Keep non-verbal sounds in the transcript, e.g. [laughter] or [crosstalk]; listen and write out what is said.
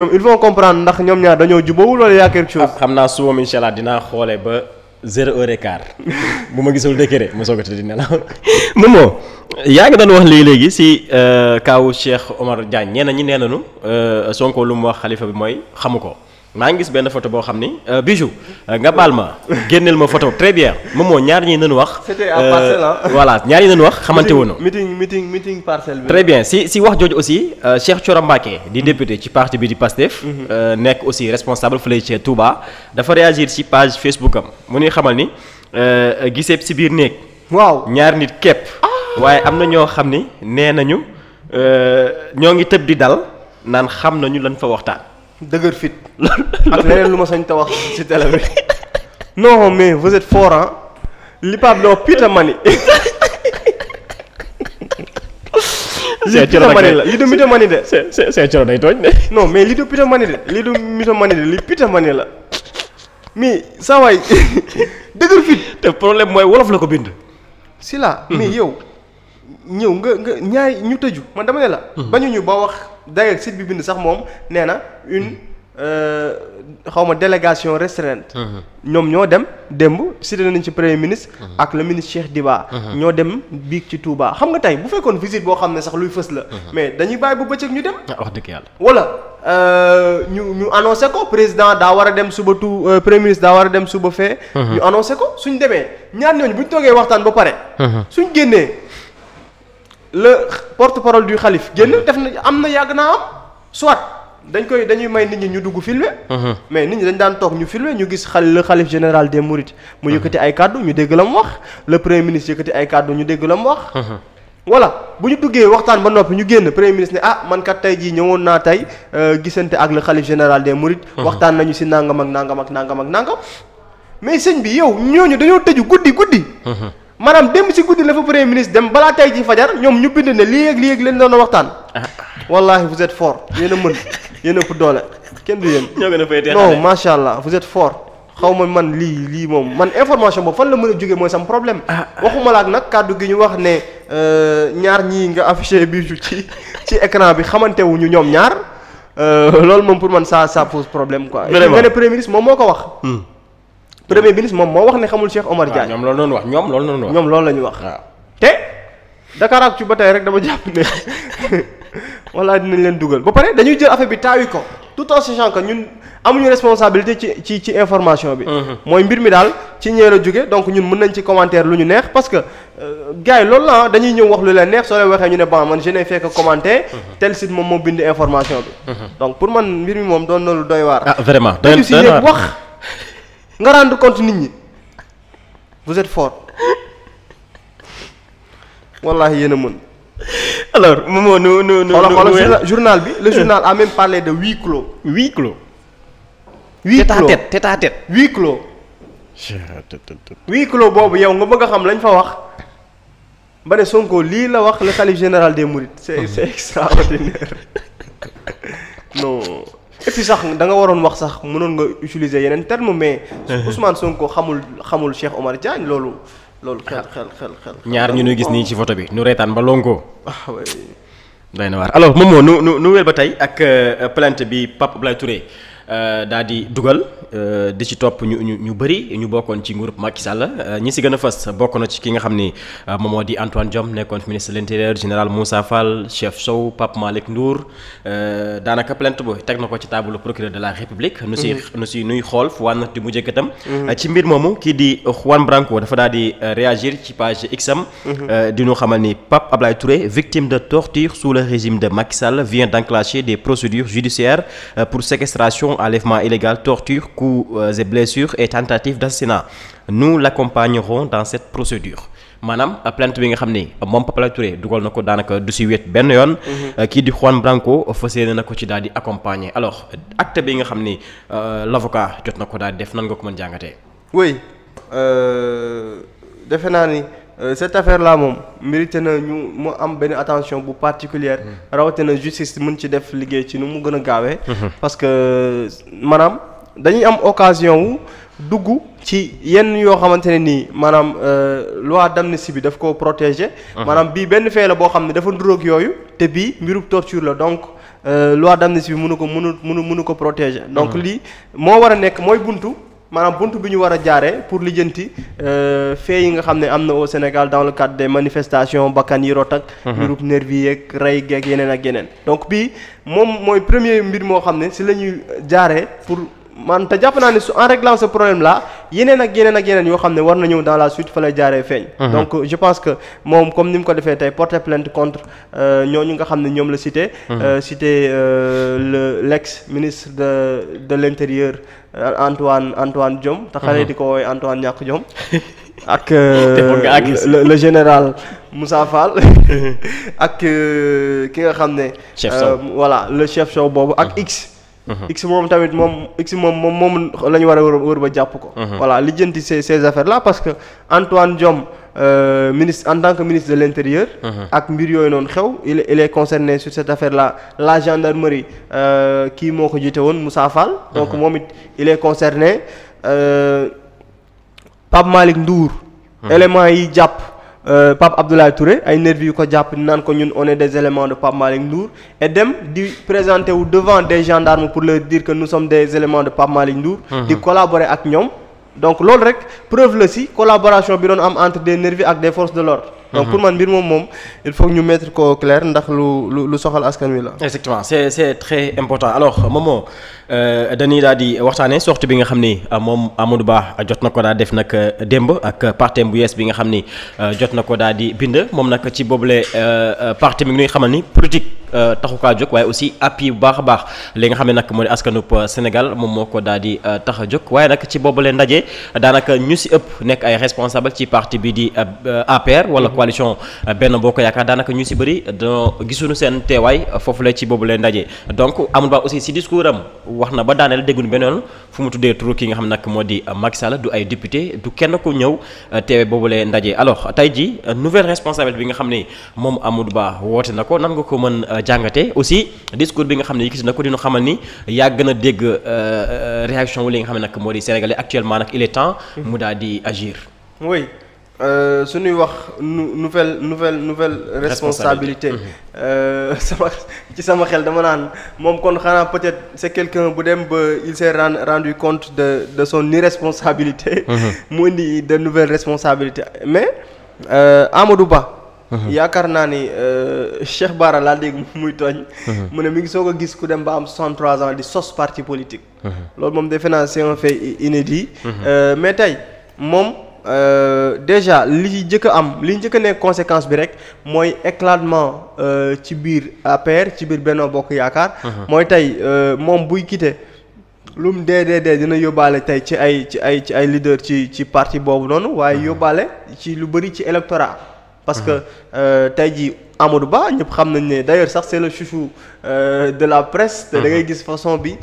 ñoom il faut comprendre ndax ñoom ñaar dañoo jubóowul wala yaa quelque chose. Ah, xam naa suba incha allah dinaa xoolee ba zéro heure et [laughs] bu ma gisul décret ma soog a tëdd nelaw [laughs] Momo yaa ngi doon wax léegi-léegi si euh, kawu Cheikh Omar Diagne ñenn ñi nee nañu euh, Sonko lu mu wax xalifa bi mooy xamu ko. maa ngi gis benn photo boo xam ni euh, bijou euh, nga baal ma génneel ma photo très bien moom moo ñaar ñi nañu wax. c'était en euh, parcelle voilà ñaar ñi nañu wax xamante woon. meeting meeting meeting parcelle bi. très bien si si wax jooju aussi Cheikh Thioro Mbacké di mm-hmm. député ci parti bi di PASTEF. Mm-hmm. nekk aussi responsable fële ci Touba. dafa réagir ci page Facebook am mu ñuy xamal ni gisee si biir néeg. waaw ñaar nit képp. Ah. waaye am na ñoo xam ni nee nañu ñoo ngi tëb di dal naan xam nañu lan fa waxtaan. dëgër fit [laughs] ak leneen lu ma sañ te wax ci télé bi [laughs] non mais vous êtes li Pape doo pita mani lii [laughs] pita mani du mita mani de c'est coro day tooñ de non mais lii du pita mani de lii du mita mani de lii pita mani la mais saa dëgër fit te problème mooy wolof la ko bind si mais hmm. yow ñëw nga nga ñaay ñu tëju man dama ne la. Mhm. bañu ñu ba wax dayag site bi bind sax moom nee na une mhm. euh, xaw ma délégation restreinte. Mhm. ñoom ñoo dem démb cité nañ ci premier ministre. ak le ministre Cheikh Diba. ñoo dem biig ci Touba xam nga tey bu fekkoon visite boo xam ne sax luy fës la. mais dañuy bàyyi bu bëccëg ñu dem. Ah, wax dëgg yàlla wala. Euh, ñu ñu annoncé ko président daa war a dem suba tout euh, premier ministre daa war a dem suba fee. ñu annoncé ko suñ demee ñaar ñooñu buñ waxtaan ba pare. le porte-parole du xalif génn mhm. def na am na yàgg naa am soit dañ koy dañuy may nit ñi ñu dugg filmer mhm. mais nit ñi dañ daan toog ñu filmer ñu gis xal le xalif général des mourides mu mhm. yëkkati ay kàddu ñu dégg la mu wax le premier ministre yëkkati ay kàddu ñu dégg la mu wax voilà bu ñu duggee waxtaan ba noppi ñu génn premier ministre ne ah man kat tey jii ñëwoon naa tey euh, gisante ak le xalif général de mourides waxtaan nañu si nangam ak nangam ak nangam ak nangam mais sëñ bi yow ñooñu dañoo tëju guddi guddi maanaam dem si guddi la fa premier ministre dem balaa tey ji fajar ñoom ñu bind ne lii ak lii ak leen doon waxtaan. Ah. wallahi vous êtes fort yéen a mën yéen doole kenn du yéen. ñoo gën macha allah vous êtes xaw ma man lii lii moom man information boobu fan la mën jógee mooy sam problème. Ah. waxuma la ak nag kàddu gi ñu wax ne euh, ñaar ñii nga affiché bi [laughs] ci ci écran bi xamante ñoom ñaar euh, loolu moom pour man ça ça problème quoi. vraiment premier ministre moom moo ko wax. Hmm. premier ministre moom moo wax ne xamul Cheikh Omar Diagne. ñoom loolu noonu wax ñoom loolu noonu wax. te Dakar ak ci ba tey rek dama jàpp ne [laughs] wala dinañ leen dugal ba pare dañuy jël affaire bi taawi ko tout en sachant que ñun amuñu responsabilité ci ci ci information bi. Mhm. mooy mbir mi daal ci ñeer a jóge donc ñun mën nañ ci commentaire lu ñu neex parce que euh, gars loolu la dañuy ñëw wax lu leen neex soo leen waxee ñu ne bon man je n'ai fait mhm. tel site moom moo bind information bi. Mhm. donc pour man mbir moom doon na lu doy waar. Ah, wax. nga rendre compte nit ñi vous êtes fort wallaahi yéen a mën. alors Momo nu nu nu. xoolal journal bi le [laughs] journal a même de huis clos. huis clos. huis clos tête à tête tête à boobu yow nga bëgg a xam lañ fa wax ba ne Sonko lii la wax le khalife général des mourides. c'est c'est [laughs] extraordinaire et puis sax da nga waroon wax sax mu noon nga utiliser yeneen terme mais. [laughs] Ousmane Sonko xamul xamul Cheikh Omar Diagne loolu. loolu xel ah. xel xel ñaar ñu nuy gis nii ci photo bi nu reetaan ba lonko. Ah, day na waar alors moom nu nu nu wéel ba tey ak euh, plainte bi Pape Abdoulaye Touré euh, daa di dugal. Euh, di ci topp ñu ñu ñu bëri ñu bokkoon ci nguurub Macky euh, ñi si gën a fas bokk na ci ki nga xam ni euh, moom moo di Antoine Diome nekkoon fi ministre de l'intérieur général Moussa Fall chef Sow Pape Malick Ndour daanaka plainte bo teg na ko ci taabalu procureur de la République. nu si mhm. nu si nuy xool fu wànn di mujjee katam mhm. ci mbir moomu kii di Juan Branco dafa daal di réagir ci page Xam. Mhm. di ñu xamal ni Pape Ablaye Touré victime de torture sous le régime de Macky Sall vient d'enclencher des procédures judiciaires pour séquestration, enlèvement illégal, torture. coups euh, et blessures et tentatives d'assassinat nous l'accompagnerons dans cette procédure maanaam euh, plainte bi nga xam ni euh, moom Pape Alé Touré dugal na ko daanaka du si wet benn yoon. Mhm. kii di Juan Branco fas yéene na ko ci daal di accompagner alors acte bi nga xam ne l'avocat jot na ko daal di def nan nga ko mën jàngatee. oui defe naa ni cette affaire là moom mérité na ñu mu am benn attention bu particulière mm. rawatina justice mën ci def liggéey ci nu mu gën a gaawee. Mm-hmm. parce dañuy am occasion wu dugg ci yenn yoo xamante ne nii maanaam euh, loi d'amnistie bi daf ko protéger. Uh-huh. maanaam bii benn fee la boo xam ne dafa nduróog yooyu te bii mbirum torture la donc euh, loi d'amnistie bi mënu ko mënu mënu mënu ko protéger. Uh-huh. donc lii moo war a nekk mooy buntu. maanaam buntu bi ñu war a jaaree pour lijjanti euh, fee yi nga xam ne am na au Sénégal dans le cadre des manifestations bakkan yi rot ak. Uh-huh. mbirum nervi yeeg rey geeg yeneen ak yeneen. donc bii premier mbir moo xam ne si la ñuy man te jàpp naa ne su en réglant ce problème la yeneen ak yeneen ak yeneen yoo xam ne war na ñëw dans la suite fa lay jaaree feeñ. Mhm. donc je pense que moom comme ni mu ko defee tey porter plainte contre euh, ñu nga xam ne ñoom la cité. Mhm. Euh, cité euh, le l' ex ministre de de l' intérieur Antoine Antoine jom te xale mhm. di ko woowee Antoine ñàkk Diome. [laughs] ak [laughs] le le général Moussa Fall [laughs] ak ki nga xam ne. chef le chef Sow boobu ak X. Mhm. x moom tamit moom x moom moom moom la ñu war a wër ba jàpp ko. Mhm. voilà lijjanti ces ces affaires là parce que Antoine Diome euh, ministre en tant que ministre de l' intérieur. Mhm. ak mbir yooyu noonu xew il il est concerné sur cette affaire là la gendarmerie euh, kii moo ko jiite woon Moussa Fall. donc moom it il est concerné euh, Pape Malick Ndour. yi jàpp. Euh, Pape Abdoulaye Touré ay nervi yu ko jàpp naan ko ñun on est des éléments de Pape Malick Ndour et dem di présenter wu devant des gendarmes pour leur dire que nous sommes des éléments de Pape Malick Ndour mhm. di collaborer ak ñoom donc loolu rek preuve la si collaboration bi doon am entre des nervis ak des forces de l'ordre donc pour man mbir moom moom il faut ñu mettre ko claire ndax lu lu lu soxal askan wi la. exactement c'est c'est très important alors Momo euh, dañuy daal di waxtaanee sortie bi nga xam ni euh, moom Amadou Ba jot na ko daal def nag euh, démb ak parti bu yees bi nga xam ni jot na ko daal di bind moom nag ci boobule parti mi ngi xamal ni politique. Euh, taxu kaa jóg waaye aussi appui baax a baax li nga xam ne nag moo di askanub euh, Sénégal moom moo ko daa di euh, tax a jóg waaye nag ci boobu leen ndaje daanaka ñu si ëpp nekk ay responsable ci parti bi di APR wala mhm. coalition Benno Bokk Yaakaar daanaka ñu si bëri do gisuñu seen teewaay foofu la ci boobu leen ndaje donc amul baax aussi si discours am wax na ba daaneel dégguñu beneen fu mu tuddee turu ki nga xam nag moo di Macky Sall du ay député du kenn ku ñëw teewe boobu leen ndaje alors tey ji nouvelle responsabilité bi nga xam ne moom Amadou Ba jàngate aussi discours bi nga xam ne gis na ko dinu xamal ni yàgg na dégg euh, euh, réaction wu li nga xam ne nag moo di sénégalais actuellement nag il est temps mu daal di agir oui euh, su ñuy wax nouvelle nouvelle nouvelle responsabilité [laughs] sama ci sama xel dama naan moom kon xanaa peut-être c'est quelqu'un bu dem ba il s'est rendu compte de de son irresponsabilité mhm. [laughs] mu indi de nouvelles responsabilités mais Amadou Ba Uh-huh. yaakaar naa ni euh, Cheikh Bara laa dégg muy tooñ. Uh-huh. mu ne mi ngi soog a gis ku dem ba am 63 ans di sos parti politique. Uh-huh. loolu moom defe naa c'est un fait inédit. Euh, mais tey moom euh, déjà li njëkk a am li njëkk a nekk conséquence bi rek mooy éclatement ci biir APR ci biir Benno Bokk Yaakaar. mooy tey moom buy quitter. lu mu dee dee dee dina yóbbaale tey ci ay ci ay ci ay leader ci ci parti boobu noonu waaye yóbbaale ci lu bëri ci électorat parce mmh. que euh, tey jii Amadou Ba ñëpp xam nañ ne d'ailleurs sax c'est le chouchou euh, de la presse. te da mmh. ngay gis façon bi.